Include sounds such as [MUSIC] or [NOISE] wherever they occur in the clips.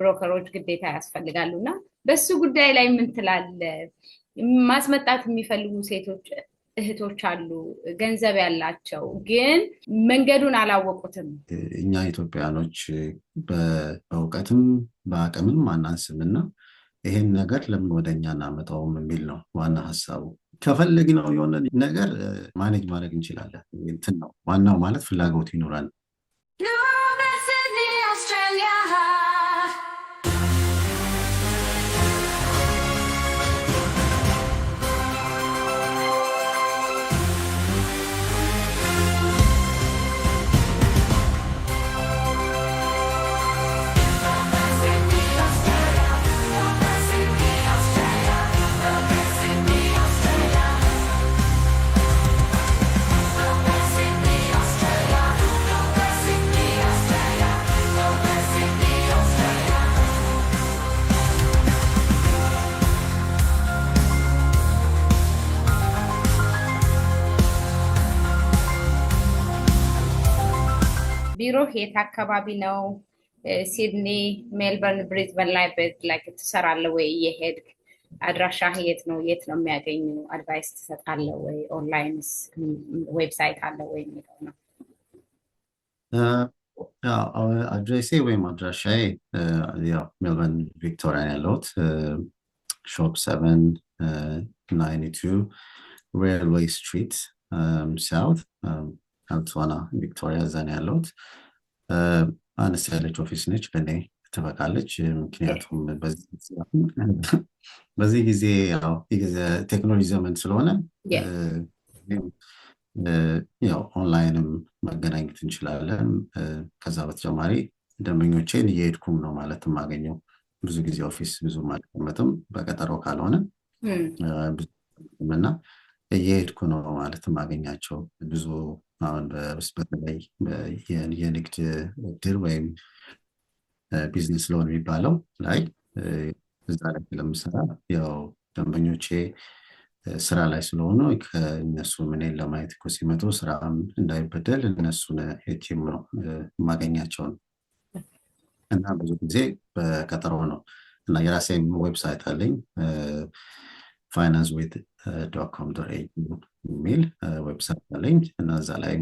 ብሮከሮች ግዴታ ያስፈልጋሉ እና በሱ ጉዳይ ላይ ምን ትላለ? ማስመጣት የሚፈልጉ ሴቶች እህቶች አሉ፣ ገንዘብ ያላቸው ግን መንገዱን አላወቁትም። እኛ ኢትዮጵያኖች በእውቀትም በአቅምም አናንስም አናንስምና ይሄን ነገር ለምን ወደኛ እናመጣውም የሚል ነው ዋና ሀሳቡ። ከፈለግነው የሆነ ነገር ማኔጅ ማድረግ እንችላለን። እንትን ነው ዋናው ማለት ፍላጎት ይኖራል። የት አካባቢ ነው? ሲድኒ፣ ሜልበርን፣ ብሪዝበን ላይ ላይክ ትሰራለህ ወይ? እየሄድክ አድራሻ የት ነው? የት ነው የሚያገኙ? አድቫይስ ትሰጣለህ ወይ? ኦንላይን ዌብሳይት አለ ወይ የሚለው ነው። አድሬሴ ወይም አድራሻዬ ያው ሜልበርን ቪክቶሪያን ያለሁት ሾፕ ሰቨን ናይንቲ ቱ ሬልዌይ ስትሪት ሳውት አልቶና ቪክቶሪያ እዛ ነው ያለሁት። አነስ ያለች ኦፊስ ነች፣ ለእኔ ትበቃለች። ምክንያቱም በዚህ ጊዜ ቴክኖሎጂ ዘመን ስለሆነ ያው ኦንላይንም መገናኘት እንችላለን። ከዛ በተጨማሪ ደንበኞቼን እየሄድኩም ነው ማለት የማገኘው። ብዙ ጊዜ ኦፊስ ብዙ አልቀመጥም በቀጠሮ ካልሆነ hmm. እና እየሄድኩ ነው ማለት ማገኛቸው ብዙ አሁን በተለይ የንግድ ድር ወይም ቢዝነስ ሎን የሚባለው ላይ እዛ ላይ ስለምሰራ ያው ደንበኞቼ ስራ ላይ ስለሆኑ ከእነሱ ምንን ለማየት እኮ ሲመጡ ስራ እንዳይበደል እነሱን ቲም ነው የማገኛቸው ነው እና ብዙ ጊዜ በቀጠሮ ነው እና የራሴ ዌብሳይት አለኝ ፋይናንስ ዊት ዶት ኮም ዶት ኤዩ የሚል ዌብሳይት አለኝ እና እዛ ላይ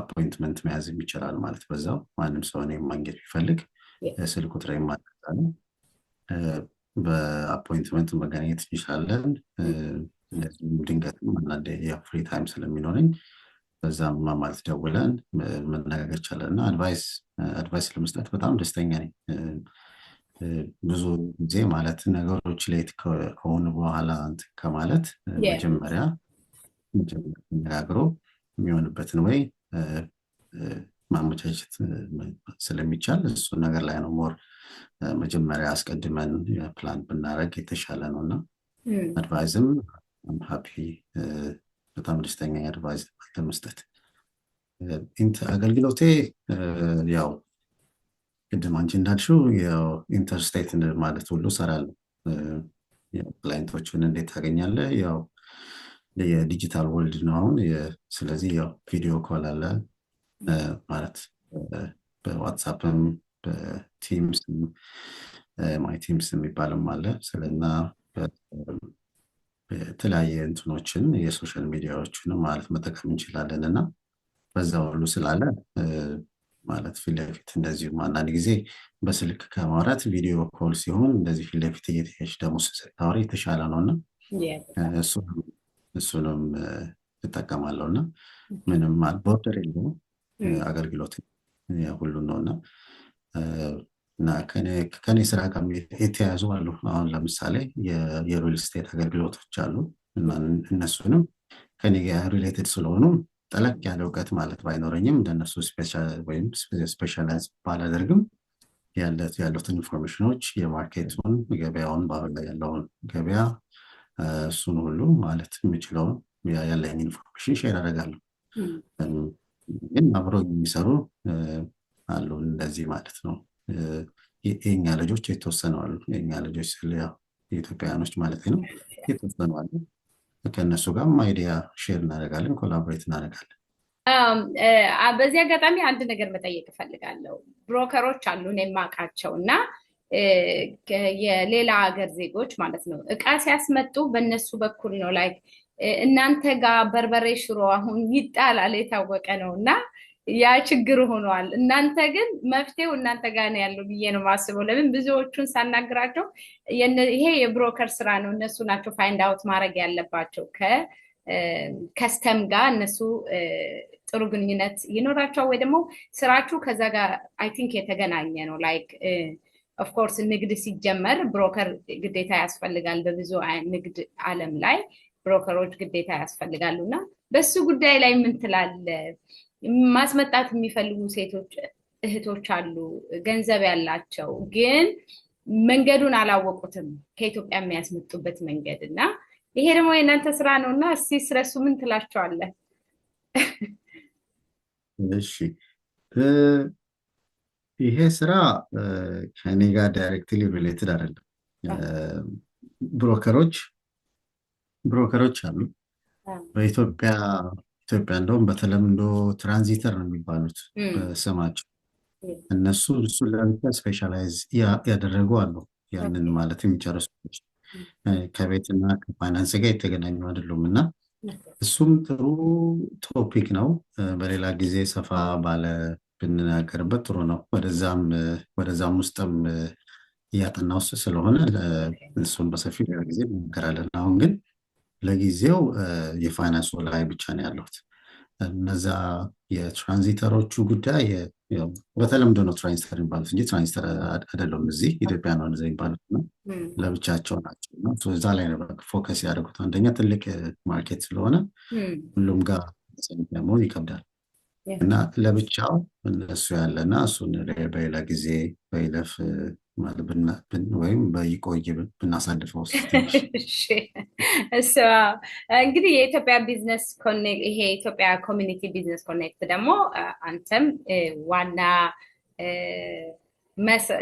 አፖይንትመንት መያዝ ይችላል ማለት በዛው ማንም ሰው እኔን ማግኘት ቢፈልግ ስልክ ቁጥሬን ማድረግ በአፖይንትመንት መገናኘት እንችላለን። ድንገት ድንገትም አንዳንዴ የፍሪ ታይም ስለሚኖረኝ በዛም ማማለት ደውለን መነጋገር ይቻላል እና አድቫይስ ለመስጠት በጣም ደስተኛ ነኝ። ብዙ ጊዜ ማለት ነገሮች ሌት ከሆኑ በኋላ ከማለት መጀመሪያ ተነጋግሮ የሚሆንበትን ወይ ማመቻቸት ስለሚቻል እሱ ነገር ላይ ነው ሞር መጀመሪያ አስቀድመን ፕላን ብናደረግ የተሻለ ነው እና አድቫይዝም ሀፒ በጣም ደስተኛ አድቫይዝ ለመስጠት አገልግሎቴ ያው ቅድም አንቺ እንዳልሽው ኢንተርስቴት ማለት ሁሉ ሰራል ክላይንቶችን እንዴት ታገኛለ ያው የዲጂታል ወልድ ነው አሁን። ስለዚህ ያው ቪዲዮ ኮል አለ ማለት በዋትሳፕም በቲምስ ማይ ቲምስ የሚባልም አለ ስለና የተለያየ እንትኖችን የሶሻል ሚዲያዎችንም ማለት መጠቀም እንችላለን እና በዛ ሁሉ ስላለ ማለት ፊት ለፊት አንዳንድ ጊዜ በስልክ ከማውራት ቪዲዮ ኮል ሲሆን እንደዚህ ፊት ለፊት ደግሞ ስታወሪ የተሻለ ነው እና እሱንም እጠቀማለሁ እና ምንም ቦርደር የለውም አገልግሎት ሁሉን ነው እና እና ከኔ ስራ ጋር የተያያዙ አሉ። አሁን ለምሳሌ የሪል ስቴት አገልግሎቶች አሉ እና እነሱንም ከኔ ጋር ሪሌትድ ስለሆኑ ጠለቅ ያለ እውቀት ማለት ባይኖረኝም እንደነሱ ወይም ስፔሻላይዝ ባላደርግም ያሉትን ኢንፎርሜሽኖች የማርኬቱን ገበያውን፣ ባህር ላይ ያለውን ገበያ እሱን ሁሉ ማለት የሚችለውን ያለኝ ኢንፎርሜሽን ሼር አደርጋለሁ። ግን አብሮ የሚሰሩ አሉ እንደዚህ ማለት ነው። የኛ ልጆች የተወሰኑ አሉ። የኛ ልጆች ኢትዮጵያያኖች የኢትዮጵያውያኖች ማለት ነው የተወሰኑ አሉ። ከእነሱ ጋርም አይዲያ ሼር እናደርጋለን፣ ኮላቦሬት እናደርጋለን። በዚህ አጋጣሚ አንድ ነገር መጠየቅ እፈልጋለሁ። ብሮከሮች አሉ እኔ የማውቃቸው እና የሌላ ሀገር ዜጎች ማለት ነው እቃ ሲያስመጡ በእነሱ በኩል ነው ላይ እናንተ ጋር በርበሬ ሽሮ አሁን ይጣላል የታወቀ ነው እና ያ ችግር ሆኗል። እናንተ ግን መፍትሄው እናንተ ጋር ነው ያለው ብዬ ነው ማስበው። ለምን ብዙዎቹን ሳናግራቸው ይሄ የብሮከር ስራ ነው፣ እነሱ ናቸው ፋይንድ አውት ማድረግ ያለባቸው። ከከስተም ጋር እነሱ ጥሩ ግንኙነት ይኖራቸዋል ወይ ደግሞ ስራችሁ ከዛ ጋር አይ ቲንክ የተገናኘ ነው ላይክ ኦፍኮርስ ንግድ ሲጀመር ብሮከር ግዴታ ያስፈልጋል። በብዙ ንግድ ዓለም ላይ ብሮከሮች ግዴታ ያስፈልጋሉ እና በሱ ጉዳይ ላይ ምን ትላለ? ማስመጣት የሚፈልጉ ሴቶች እህቶች አሉ፣ ገንዘብ ያላቸው ግን መንገዱን አላወቁትም፣ ከኢትዮጵያ የሚያስመጡበት መንገድ እና ይሄ ደግሞ የእናንተ ስራ ነው እና እስቲ ስለሱ ምን ትላቸዋለን? እሺ ይሄ ስራ ከኔ ጋር ዳይሬክትሊ ሪሌትድ አይደለም። ብሮከሮች ብሮከሮች አሉ በኢትዮጵያ ኢትዮጵያ እንደውም በተለምዶ ትራንዚተር ነው የሚባሉት በስማቸው። እነሱ እሱ ለብቻ ስፔሻላይዝ ያደረጉ አሉ። ያንን ማለት የሚጨርሱ ከቤትና ከፋይናንስ ጋር የተገናኙ አይደሉም እና እሱም ጥሩ ቶፒክ ነው። በሌላ ጊዜ ሰፋ ባለ ብንናገርበት ጥሩ ነው። ወደዛም ውስጥም ውስጥ ስለሆነ እሱን በሰፊ ጊዜ እንሞክራለን። አሁን ግን ለጊዜው የፋይናንሱ ላይ ብቻ ነው ያለሁት። እነዛ የትራንዚተሮቹ ጉዳይ በተለምዶ ነው ትራንዚተር የሚባሉት እንጂ ትራንዚተር አይደለም። እዚህ ኢትዮጵያ ነው እንደዚ የሚባሉት ነው፣ ለብቻቸው ናቸው። እዛ ላይ ነው ፎከስ ያደርጉት። አንደኛ ትልቅ ማርኬት ስለሆነ ሁሉም ጋር ደግሞ ይከብዳል። እና ለብቻው እነሱ ያለና እሱን በሌላ ጊዜ በይለፍ ወይም በይቆይ ብናሳልፈው [LAUGHS] እንግዲህ የኢትዮጵያ ቢዝነስ ይሄ የኢትዮጵያ ኮሚኒቲ ቢዝነስ ኮኔክት ደግሞ አንተም ዋና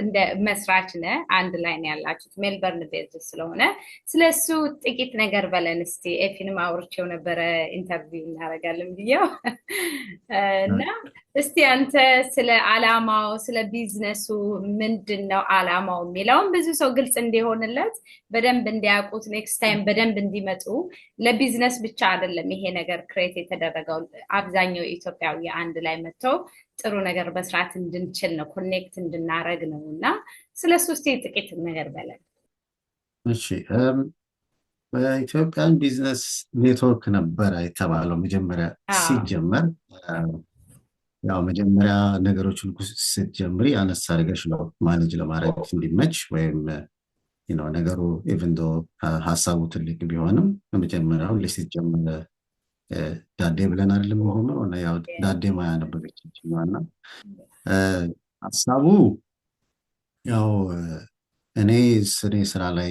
እንደ መስራች ነ አንድ ላይ ነው ያላችሁት፣ ሜልበርን ቤዝ ስለሆነ ስለ እሱ ጥቂት ነገር በለን እስቲ። ኤፊንም አውርቼው ነበረ ኢንተርቪው እናደርጋለን ብዬው እና እስቲ አንተ ስለ አላማው ስለ ቢዝነሱ ምንድን ነው አላማው የሚለውን ብዙ ሰው ግልጽ እንዲሆንለት በደንብ እንዲያውቁት ኔክስት ታይም በደንብ እንዲመጡ ለቢዝነስ ብቻ አይደለም ይሄ ነገር ክሬት የተደረገው አብዛኛው ኢትዮጵያዊ አንድ ላይ መጥተው ጥሩ ነገር መስራት እንድንችል ነው፣ ኮኔክት እንድናረግ ነው። እና ስለ ሶስት ጥቂት ነገር በለን። እሺ በኢትዮጵያን ቢዝነስ ኔትወርክ ነበረ የተባለው መጀመሪያ ሲጀመር ያው መጀመሪያ ነገሮችን ስትጀምሪ አነስ አድርገሽ ነው ማኔጅ ለማድረግ እንዲመች ወይም ነገሩ ኢቨንዶ ሀሳቡ ትልቅ ቢሆንም መጀመሪያ ሁሌ ስትጀምር ዳዴ ብለን አይደለም የሆነው ዳዴ ማያ ነበረች እና ሀሳቡ ያው እኔ ስኔ ስራ ላይ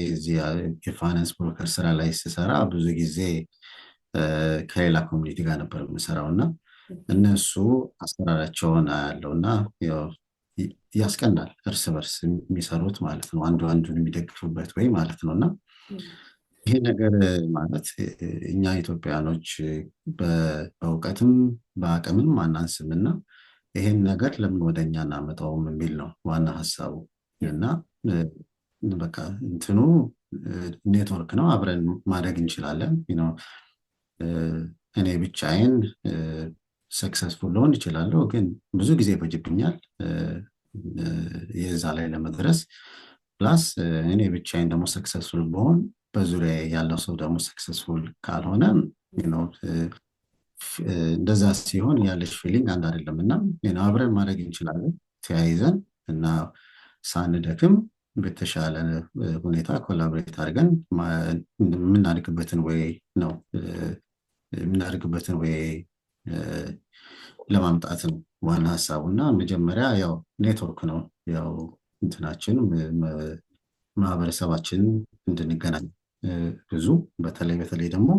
የፋይናንስ ብሮከር ስራ ላይ ስሰራ ብዙ ጊዜ ከሌላ ኮሚኒቲ ጋር ነበር የምሰራው እና እነሱ አሰራራቸውን አያለው እና ያስቀናል እርስ በርስ የሚሰሩት ማለት ነው አንዱ አንዱን የሚደግፉበት ወይ ማለት ነው እና ይህ ነገር ማለት እኛ ኢትዮጵያኖች በእውቀትም በአቅምም አናንስም እና ይህን ነገር ለምን ወደ እኛ እናመጣውም የሚል ነው ዋና ሀሳቡ። እና በቃ እንትኑ ኔትወርክ ነው፣ አብረን ማድረግ እንችላለን። እኔ ብቻዬን ሰክሰስፉል ልሆን ይችላለሁ ግን ብዙ ጊዜ በጅብኛል የዛ ላይ ለመድረስ ፕላስ እኔ ብቻዬን ደግሞ ሰክሰስፉል በሆን በዙሪያ ያለው ሰው ደግሞ ሰክሰስፉል ካልሆነ እንደዛ ሲሆን ያለች ፊሊንግ አንድ አይደለም እና አብረን ማድረግ እንችላለን ተያይዘን እና ሳንደክም በተሻለ ሁኔታ ኮላብሬት አድርገን የምናደርግበትን ወይ ነው የምናደርግበትን ወይ ለማምጣት ነው ዋና ሀሳቡ እና መጀመሪያ ያው ኔትወርክ ነው ያው እንትናችን ማህበረሰባችን እንድንገናኝ ብዙ በተለይ በተለይ ደግሞ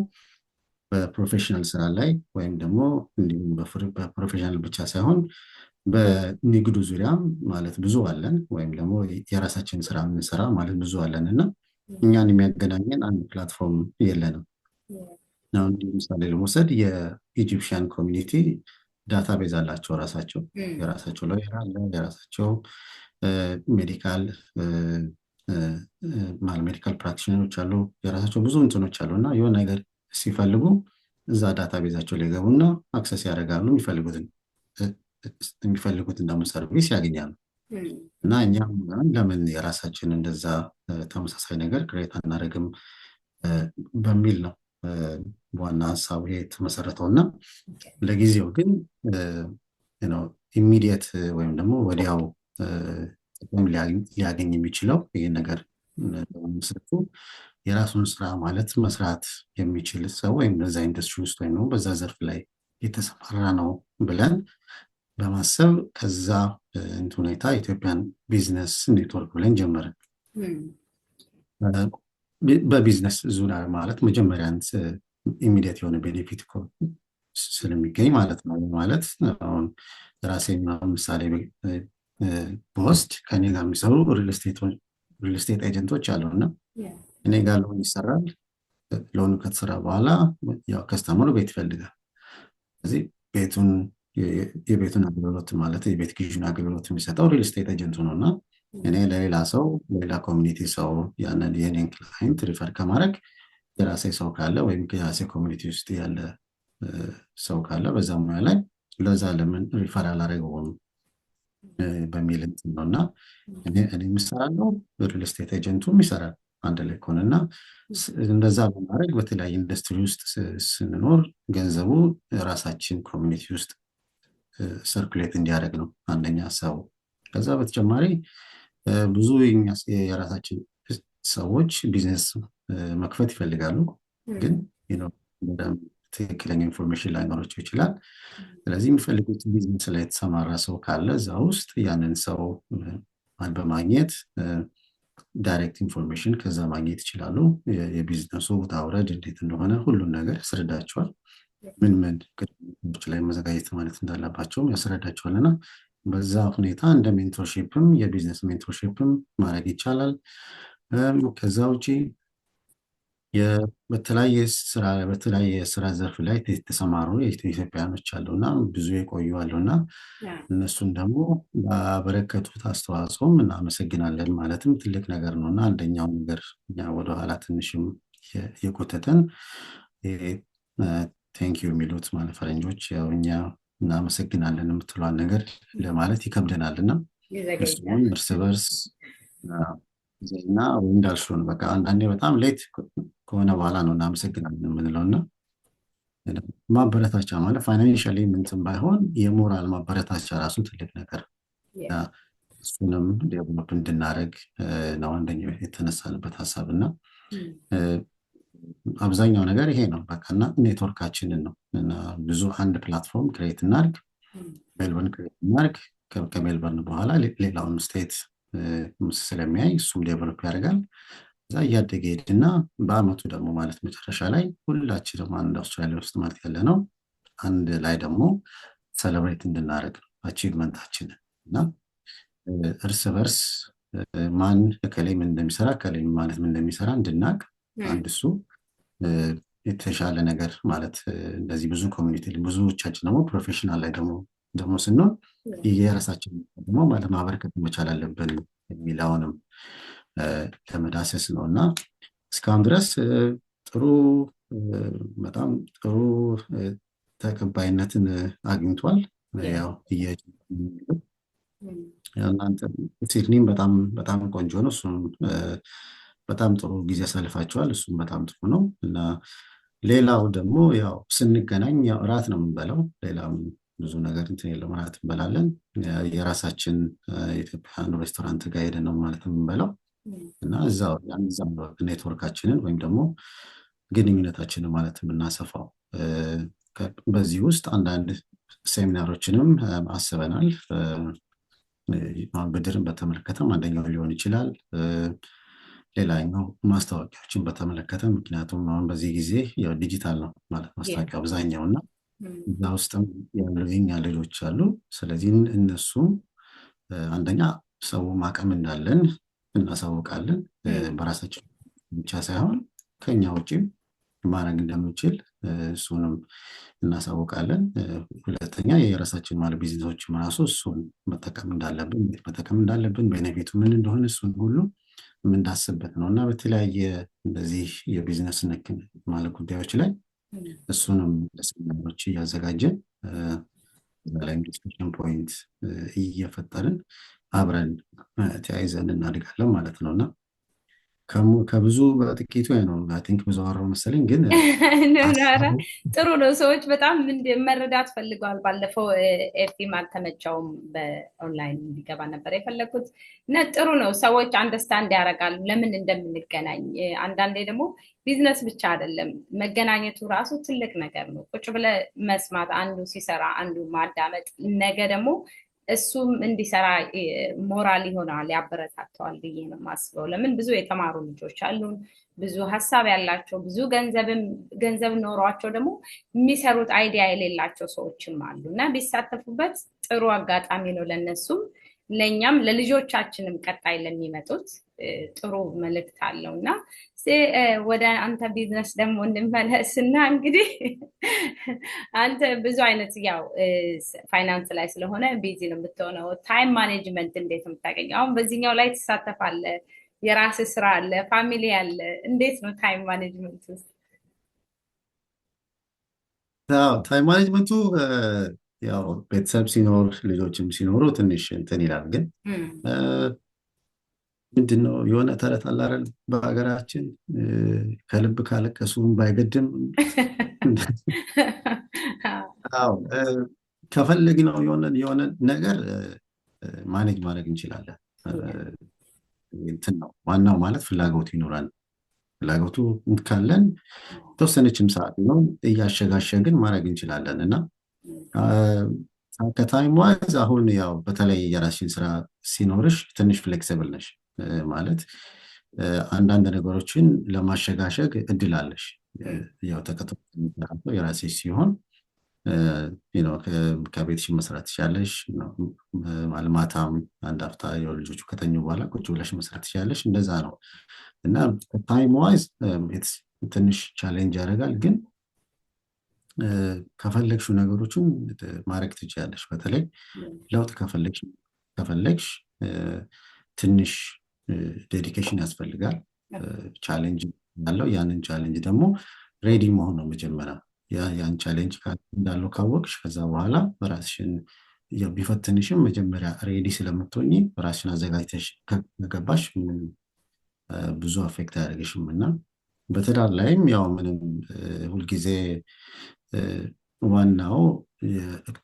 በፕሮፌሽናል ስራ ላይ ወይም ደግሞ እንዲሁም በፕሮፌሽናል ብቻ ሳይሆን በንግዱ ዙሪያ ማለት ብዙ አለን፣ ወይም ደግሞ የራሳችን ስራ የምንሰራ ማለት ብዙ አለን እና እኛን የሚያገናኘን አንድ ፕላትፎርም የለንም። አሁን ምሳሌ ለመውሰድ የኢጂፕሽያን ኮሚኒቲ ቤዝ አላቸው ራሳቸው mm. የራሳቸው ሎየር አለ የራሳቸው ሜዲካል ሜዲካል ፕራክቲሽነሮች አሉ፣ የራሳቸው ብዙ እንትኖች አሉ እና የሆነ ነገር ሲፈልጉ እዛ ዳታ ቤዛቸው ላይ ገቡና አክሰስ ያደርጋሉ። የሚፈልጉትን ደግሞ ሰርቪስ ያገኛሉ። እና እኛም ለምን የራሳችን እንደዛ ተመሳሳይ ነገር ክሬት አናደርግም በሚል ነው ዋና ሀሳቡ የተመሰረተው እና ለጊዜው ግን ኢሚዲየት ወይም ደግሞ ወዲያው ጥቅም ሊያገኝ የሚችለው ይህ ነገር ምስረቱ የራሱን ስራ ማለት መስራት የሚችል ሰው ወይም በዛ ኢንዱስትሪ ውስጥ ወይም በዛ ዘርፍ ላይ የተሰማራ ነው ብለን በማሰብ ከዛ እንት ሁኔታ ኢትዮጵያን ቢዝነስ ኔትወርክ ብለን ጀመርን። በቢዝነስ ዙሪያ ማለት መጀመሪያ ኢሚዲየት የሆነ ቤኔፊት ስለሚገኝ ማለት ነው። ማለት አሁን ራሴ ምሳሌ በወስድ ከኔ ጋር የሚሰሩ ሪል ስቴት ኤጀንቶች አሉ እና እኔ ጋር ሎን ይሰራል። ሎኑ ከተሰራ በኋላ ያው ከስተመሩ ቤት ይፈልጋል። ስለዚህ ቤቱን የቤቱን አገልግሎት ማለት የቤት ግዥን አገልግሎት የሚሰጠው ሪል ስቴት ኤጀንቱ ነው እና እኔ ለሌላ ሰው ለሌላ ኮሚኒቲ ሰው ያንን የኔን ክላይንት ሪፈር ከማድረግ የራሴ ሰው ካለ ወይም የራሴ ኮሚኒቲ ውስጥ ያለ ሰው ካለ በዛ ሙያ ላይ ለዛ ለምን ሪፈር አላደረገውም በሚል እንትን ነው እና እኔ የምሰራለው ሪል ስቴት ኤጀንቱም ይሰራል አንድ ላይ ከሆነና እንደዛ በማድረግ በተለያየ ኢንዱስትሪ ውስጥ ስንኖር ገንዘቡ ራሳችን ኮሚኒቲ ውስጥ ሰርኩሌት እንዲያደርግ ነው አንደኛ ሰው። ከዛ በተጨማሪ ብዙ የራሳችን ሰዎች ቢዝነስ መክፈት ይፈልጋሉ ግን ትክክለኛ ኢንፎርሜሽን ላይኖራቸው ይችላል። ስለዚህ የሚፈልጉት ቢዝነስ ላይ የተሰማራ ሰው ካለ እዛ ውስጥ ያንን ሰው በማግኘት ዳይሬክት ኢንፎርሜሽን ከዛ ማግኘት ይችላሉ። የቢዝነሱ ውጣ ውረድ እንዴት እንደሆነ ሁሉን ነገር ያስረዳቸዋል። ምን ምን ግጭ ላይ መዘጋጀት ማለት እንዳለባቸውም ያስረዳቸዋል እና በዛ ሁኔታ እንደ ሜንቶርሺፕም የቢዝነስ ሜንቶርሺፕም ማድረግ ይቻላል። ከዛ ውጪ በተለያየ ስራ በተለያየ ስራ ዘርፍ ላይ የተሰማሩ ኢትዮጵያኖች አሉና ብዙ የቆዩ አሉና እነሱን ደግሞ ባበረከቱት አስተዋጽኦም እናመሰግናለን። ማለትም ትልቅ ነገር ነው እና አንደኛው ነገር እኛ ወደኋላ ትንሽም የቆተተን ቴንኪዩ የሚሉት ማለት ፈረንጆች እኛ እናመሰግናለን የምትሏን ነገር ለማለት ይከብደናል እና እርስ በርስ እና እንዳልሽው ነው። በቃ አንዳንዴ በጣም ሌት ከሆነ በኋላ ነው እናመሰግናለን የምንለው እና ማበረታቻ ማለት ፋይናንሻሊ ምንትን ባይሆን የሞራል ማበረታቻ ራሱ ትልቅ ነገር እሱንም ዴቨሎፕ እንድናደረግ ነው አንደኛ የተነሳንበት ሀሳብ እና hmm. አብዛኛው ነገር ይሄ ነው። በቃ እና ኔትወርካችንን ነው እና ብዙ አንድ ፕላትፎርም ክሬት እናርግ፣ hmm. ሜልበርን ክሬት እናርግ፣ ከሜልበርን በኋላ ሌላውን ስቴት ስለሚያይ እሱም ዴቨሎፕ ያደርጋል። እዛ እያደገ ሄድና በአመቱ ደግሞ ማለት መጨረሻ ላይ ሁላችን ደግሞ አንድ አውስትራሊያ ውስጥ ማለት ያለ ነው አንድ ላይ ደግሞ ሰለብሬት እንድናደርግ ነው አቺቭመንታችንን እና እርስ በርስ ማን ከላይ ምን እንደሚሰራ ከላይ ማለት ምን እንደሚሰራ እንድናቅ አንድ እሱ የተሻለ ነገር ማለት እንደዚህ ብዙ ኮሚኒቲ ብዙዎቻችን ደግሞ ፕሮፌሽናል ላይ ደግሞ ደግሞ ስንሆን የራሳችን ደግሞ ለማበረከት መቻል አለብን የሚለውንም ለመዳሰስ ነው እና እስካሁን ድረስ ጥሩ በጣም ጥሩ ተቀባይነትን አግኝቷል። ያው ሲድኒም በጣም በጣም ቆንጆ ነው። እሱም በጣም ጥሩ ጊዜ አሳልፋቸዋል። እሱም በጣም ጥሩ ነው እና ሌላው ደግሞ ያው ስንገናኝ እራት ነው የምንበላው ሌላም ብዙ ነገር እንትን የለው ማለት እንበላለን። የራሳችን ኢትዮጵያን ሬስቶራንት ጋር ሄደን ነው ማለት የምንበላው እና እዛው ኔትወርካችንን ወይም ደግሞ ግንኙነታችንን ማለት የምናሰፋው። በዚህ ውስጥ አንዳንድ ሴሚናሮችንም አስበናል። ብድርን በተመለከተም አንደኛው ሊሆን ይችላል። ሌላኛው ማስታወቂያዎችን በተመለከተ ምክንያቱም አሁን በዚህ ጊዜ ዲጂታል ነው ማለት ማስታወቂያ አብዛኛው እና እዛ ውስጥም ያሉኛ ልጆች አሉ። ስለዚህ እነሱም አንደኛ ሰው ማቀም እንዳለን እናሳውቃለን። በራሳችን ብቻ ሳይሆን ከኛ ውጭም ማድረግ እንደምችል እሱንም እናሳውቃለን። ሁለተኛ የራሳችን ማለት ቢዝነሶች ራሱ እሱን መጠቀም እንዳለብን እንዴት መጠቀም እንዳለብን በነቤቱ ምን እንደሆነ እሱን ሁሉ የምንዳስበት ነው እና በተለያየ እንደዚህ የቢዝነስ ነክ ማለት ጉዳዮች ላይ እሱንም ነው እያዘጋጀን ላይም ፖይንት እየፈጠርን አብረን ተያይዘን እናድጋለን ማለት ነው እና ከብዙ በጥቂቱ ነው። አይ ቲንክ ብዙ አወራሁ መሰለኝ፣ ግን [LAUGHS] ኧረ ጥሩ ነው። ሰዎች በጣም መረዳት ፈልገዋል። ባለፈው ኤፊም አልተመቸውም በኦንላይን እንዲገባ ነበር የፈለግኩት እና ጥሩ ነው። ሰዎች አንደርስታንድ ያደርጋሉ ለምን እንደምንገናኝ። አንዳንዴ ደግሞ ቢዝነስ ብቻ አይደለም መገናኘቱ ራሱ ትልቅ ነገር ነው። ቁጭ ብለህ መስማት፣ አንዱ ሲሰራ አንዱ ማዳመጥ፣ ነገ ደግሞ እሱም እንዲሰራ ሞራል ይሆናል፣ ያበረታተዋል ብዬ ነው ማስበው ለምን ብዙ የተማሩ ልጆች አሉን፣ ብዙ ሀሳብ ያላቸው ብዙ ገንዘብ ኖሯቸው ደግሞ የሚሰሩት አይዲያ የሌላቸው ሰዎችም አሉ እና ቢሳተፉበት ጥሩ አጋጣሚ ነው ለነሱም ለእኛም ለልጆቻችንም ቀጣይ ለሚመጡት ጥሩ መልእክት አለው እና ወደ አንተ ቢዝነስ ደግሞ እንመለስ እና እንግዲህ [LAUGHS] አንተ ብዙ አይነት ያው ፋይናንስ ላይ ስለሆነ ቢዚ ነው የምትሆነው። ታይም ማኔጅመንት እንዴት ነው የምታገኘው? አሁን በዚህኛው ላይ ትሳተፋለ፣ የራስ ስራ አለ፣ ፋሚሊ አለ። እንዴት ነው ታይም ማኔጅመንቱ? ታይም ማኔጅመንቱ ያው ቤተሰብ ሲኖር ልጆችም ሲኖሩ ትንሽ እንትን ይላል ግን ምንድን ነው የሆነ ተረት አላረል በሀገራችን ከልብ ካለቀሱም ባይገድም [LAUGHS] ነው የሆነ የሆነ ነገር ማኔጅ ማድረግ እንችላለን እንትን ነው ዋናው ማለት ፍላጎቱ ይኖራል ፍላጎቱ ካለን ተወሰነችም ሰዓት ነው እያሸጋሸግን ማድረግ እንችላለን እና ከታይም ዋይዝ አሁን ያው በተለይ የራሽን ስራ ሲኖርሽ ትንሽ ፍሌክሲብል ነሽ ማለት አንዳንድ ነገሮችን ለማሸጋሸግ እድል አለሽ። ያው ተከትሎ የራሴ ሲሆን ከቤትሽ መስራት ትችያለሽ። ማልማታም አንድ አፍታ ልጆቹ ከተኙ በኋላ ቁጭ ብለሽ መስራት ትችያለሽ። እንደዛ ነው እና ታይም ዋይዝ ትንሽ ቻሌንጅ ያደርጋል፣ ግን ከፈለግሹ ነገሮችን ማድረግ ትችያለሽ። በተለይ ለውጥ ከፈለግሽ ትንሽ ዴዲኬሽን ያስፈልጋል። ቻሌንጅ ያለው ያንን ቻሌንጅ ደግሞ ሬዲ መሆን ነው መጀመሪያ። ያን ቻሌንጅ እንዳለው ካወቅሽ ከዛ በኋላ በራስሽን ቢፈትንሽም መጀመሪያ ሬዲ ስለምትሆኝ በራስሽን አዘጋጅተሽ ከገባሽ ብዙ አፌክት አያደርግሽም እና በትዳር ላይም ያው ምንም ሁልጊዜ ዋናው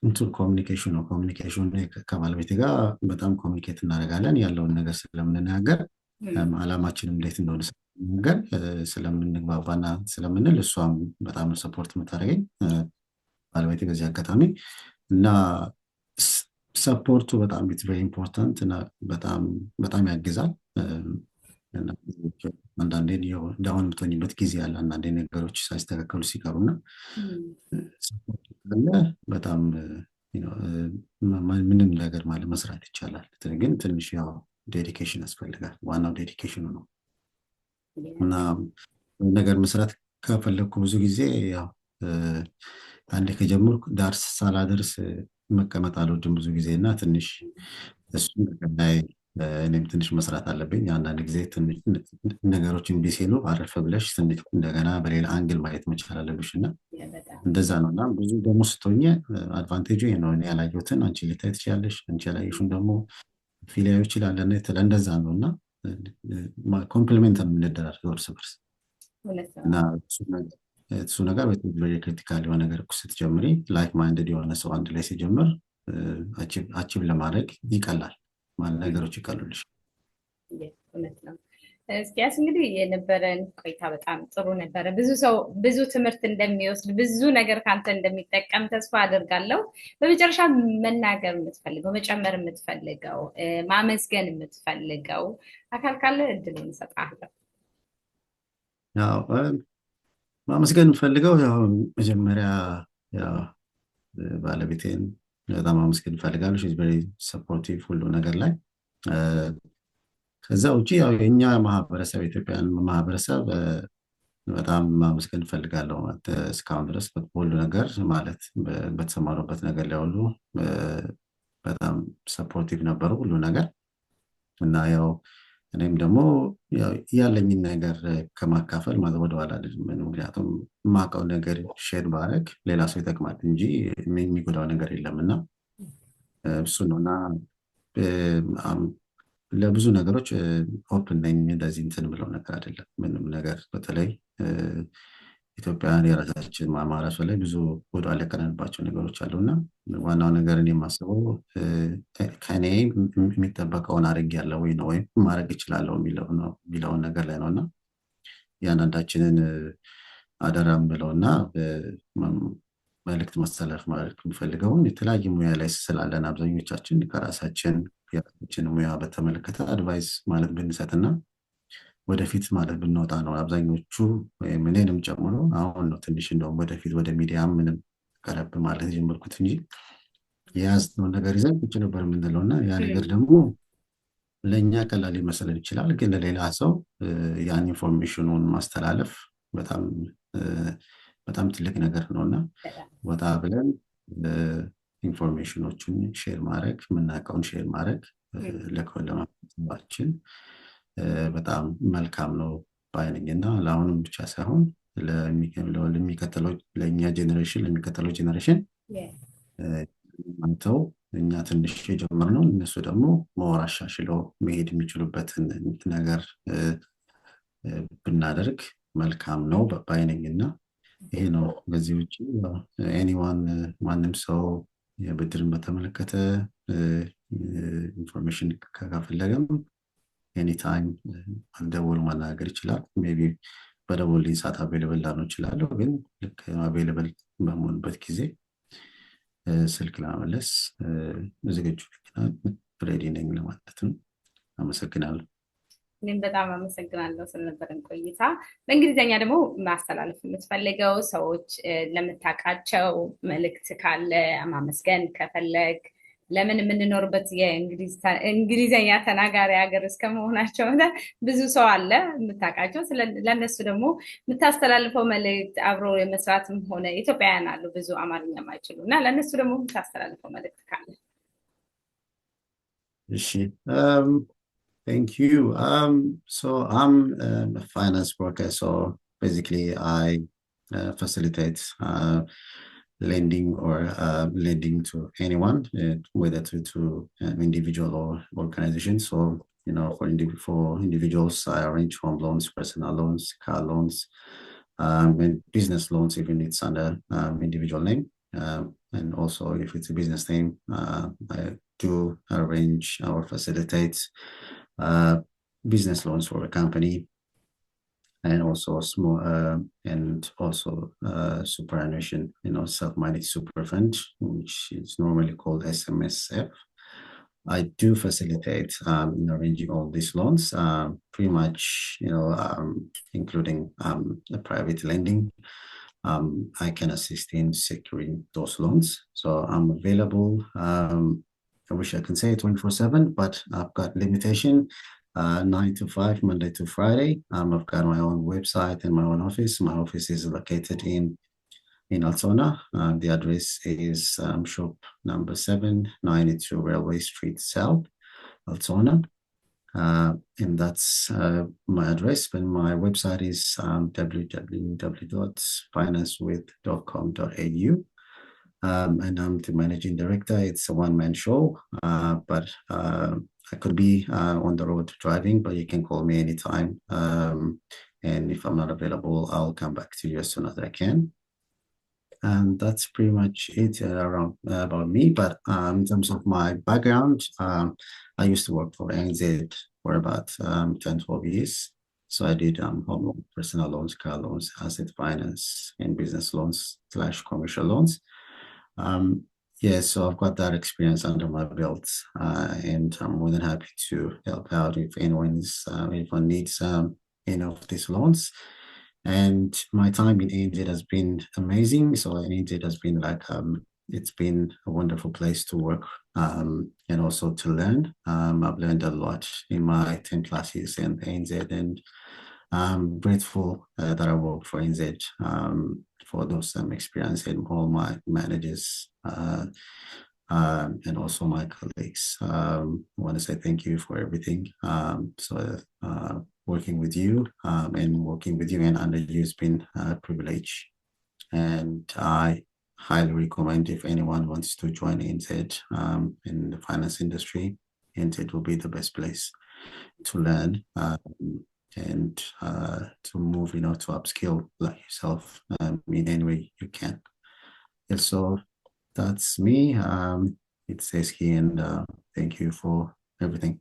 እንትን ኮሚኒኬሽን ነው። ኮሚኒኬሽን ከባለቤት ጋር በጣም ኮሚኒኬት እናደርጋለን። ያለውን ነገር ስለምንናገር አላማችንም እንዴት እንደሆነ ስለምንናገር ስለምንግባባና ስለምንል እሷም በጣም ሰፖርት የምታደርገኝ ባለቤት በዚህ አጋጣሚ እና ሰፖርቱ በጣም ኢትስ ቨሪ ኢምፖርታንት በጣም ያግዛል። አንዳንዴ ዳሁን የምትሆኝበት ጊዜ አለ። አንዳንዴ ነገሮች ሳይስተካከሉ ሲቀሩና ካለ በጣም ምንም ነገር ማለት መስራት ይቻላል። ግን ትንሽ ያው ዴዲኬሽን ያስፈልጋል። ዋናው ዴዲኬሽኑ ነው እና ነገር መስራት ከፈለግኩ ብዙ ጊዜ ያው አንዴ ከጀመርኩ ዳርስ ሳላደርስ መቀመጥ አልወድም ብዙ ጊዜ እና ትንሽ እሱ ላይ እኔም ትንሽ መስራት አለብኝ። አንዳንድ ጊዜ ነገሮች እምቢ ሲሉ አረፍ ብለሽ ትንሽ እንደገና በሌላ አንግል ማየት መቻል አለብሽ እና እንደዛ ነው እና ብዙ ደግሞ ስቶኘ አድቫንቴጁ ይሄ ነው። እኔ ያላየሁትን አንቺ ልታይ ትችላለሽ፣ አንቺ ያላየሽን ደግሞ ፊሊያዩ ይችላል። ለእንደዛ ነው እና ኮምፕሊሜንት ነው የምንደራረገው እርስ በርስ እና እሱ ነገር በቴክኖሎጂ ክሪቲካል የሆነ ነገር ስትጀምሪ ላይክ ማይንድድ የሆነ ሰው አንድ ላይ ሲጀምር አቺቭ ለማድረግ ይቀላል። ነገሮች ይቀሉልሽ። እውነት ነው። እስኪያስ እንግዲህ የነበረን ቆይታ በጣም ጥሩ ነበረ። ብዙ ሰው ብዙ ትምህርት እንደሚወስድ ብዙ ነገር ከአንተ እንደሚጠቀም ተስፋ አድርጋለሁ። በመጨረሻ መናገር የምትፈልገው መጨመር የምትፈልገው ማመስገን የምትፈልገው አካል ካለ እድል እንሰጣለሁ። ማመስገን የምፈልገው መጀመሪያ ባለቤቴን በጣም አመስገን ይፈልጋሉ ኢዝ ሰፖርቲቭ ሁሉ ነገር ላይ። ከዛ ውጭ የእኛ ማህበረሰብ የኢትዮጵያን ማህበረሰብ በጣም ማመስገን ይፈልጋለሁ እስካሁን ድረስ በሁሉ ነገር ማለት በተሰማሩበት ነገር ላይ ሁሉ በጣም ሰፖርቲቭ ነበሩ ሁሉ ነገር እና ያው እኔም ደግሞ ያለኝን ነገር ከማካፈል ወደኋላ አልልም። ምክንያቱም የማውቀው ነገር ሼር ባረግ ሌላ ሰው ይጠቅማል እንጂ የሚጎዳው ነገር የለም እና እሱ ነው እና ለብዙ ነገሮች ኦፕን ነኝ። እንደዚህ እንትን ብለው ነገር አይደለም ምንም ነገር በተለይ ኢትዮጵያን የራሳችን ማማራሱ ላይ ብዙ ወደ ያለቀነንባቸው ነገሮች አሉ እና ዋናው ነገር እኔ የማስበው ከኔ የሚጠበቀውን ያለው ወይ ነው ወይም ማድረግ እችላለሁ የሚለውን ነገር ላይ ነው እና የአንዳንዳችንን አደራም ብለው እና መልእክት መሰለፍ ማለት የሚፈልገውን የተለያየ ሙያ ላይ ስላለን አብዛኞቻችን ከራሳችን የራሳችን ሙያ በተመለከተ አድቫይስ ማለት ብንሰጥና እና ወደፊት ማለት ብንወጣ ነው አብዛኞቹ ወይም እኔንም ጨምሮ አሁን ነው ትንሽ እንደውም ወደፊት ወደ ሚዲያ ምንም ቀረብ ማለት የጀመርኩት እንጂ የያዝነውን ነገር ይዘን ቁጭ ነበር የምንለው እና ያ ነገር ደግሞ ለእኛ ቀላል ሊመስለን ይችላል፣ ግን ለሌላ ሰው ያን ኢንፎርሜሽኑን ማስተላለፍ በጣም ትልቅ ነገር ነው እና ወጣ ብለን ኢንፎርሜሽኖቹን ሼር ማድረግ የምናውቀውን ሼር ማድረግ ለኮለማችን በጣም መልካም ነው ባይነኝ እና ለአሁንም ብቻ ሳይሆን ለሚቀጥለው ለእኛ ለሚከተለው ለሚቀጥለው ጄኔሬሽን አንተው እኛ ትንሽ ነው እነሱ ደግሞ መወር አሻሽለው መሄድ የሚችሉበትን ነገር ብናደርግ መልካም ነው ባይነኝ እና ይሄ ነው። በዚህ ውጭ ኤኒዋን ማንም ሰው የብድርን በተመለከተ ኢንፎርሜሽን ከፈለገም ኤኒታይም uh, ደውሎ መናገር ይችላል። ሜይ ቢ በደወሉልኝ ሰዓት አቬለብል ላኖ ይችላለሁ። ግን ልክ አቬለብል በመሆንበት ጊዜ uh, ስልክ ለመመለስ uh, ዝግጁ ሬዲ ነኝ ለማለት ነው። አመሰግናለሁ። እኔም በጣም አመሰግናለሁ ስለነበረን ቆይታ። በእንግሊዝኛ ደግሞ ማስተላለፍ የምትፈልገው ሰዎች ለምታውቃቸው መልእክት ካለ ማመስገን ከፈለግ ለምን የምንኖርበት እንግሊዘኛ ተናጋሪ ሀገር እስከመሆናቸው ብዙ ሰው አለ የምታውቃቸው። ለእነሱ ደግሞ የምታስተላልፈው መልእክት አብሮ የመስራትም ሆነ ኢትዮጵያውያን አሉ ብዙ አማርኛ ማይችሉ እና ለእነሱ ደግሞ የምታስተላልፈው መልእክት ካለ። እሺ ቴንክ ዩ አም ፋይናንስ ወርከር ሶ አይ ፋሲሊቴት lending or uh, lending to anyone, uh, whether to, to um, individual or organization. So, you know, for, indiv- for individuals, I arrange home loans, personal loans, car loans, um, and business loans, even it's under um, individual name. Uh, and also, if it's a business name, uh, I do arrange or facilitate uh, business loans for a company and also small uh, and also uh, superannuation, you know, self-managed super fund, which is normally called SMSF. I do facilitate um, in arranging all these loans, uh, pretty much, you know, um, including um, the private lending. Um, I can assist in securing those loans. So I'm available. Um, I wish I can say 24 7, but I've got limitation uh, nine to five, Monday to Friday. Um, I've got my own website and my own office. My office is located in in Altona. Uh, the address is um, shop number seven, 92 Railway Street South, Altona. Uh, and that's uh, my address. But my website is um, www.financewith.com.au. Um, and I'm the managing director. It's a one man show, uh, but uh, I could be uh, on the road driving, but you can call me anytime. Um, and if I'm not available, I'll come back to you as soon as I can. And that's pretty much it uh, around uh, about me. But um, in terms of my background, um, I used to work for ANZ for about um, 10, 12 years. So I did um, home loan, personal loans, car loans, asset finance, and business loans slash commercial loans. Um, yeah, so I've got that experience under my belt, uh, and I'm more than happy to help out if anyone is uh, anyone needs um, any of these loans. And my time in ANZ has been amazing. So ANZ has been like um, it's been a wonderful place to work um, and also to learn. Um, I've learned a lot in my ten classes and ANZ, and I'm grateful uh, that I worked for NZ um, for those um, experience and all my managers uh, um, and also my colleagues. Um, I want to say thank you for everything. Um, so uh, working with you um, and working with you and under you has been a privilege. And I highly recommend if anyone wants to join NZ um, in the finance industry, NZ will be the best place to learn. Um, and uh, to move, you know, to upskill like yourself um, in any way you can. And so that's me. Um, it says here, and uh, thank you for everything.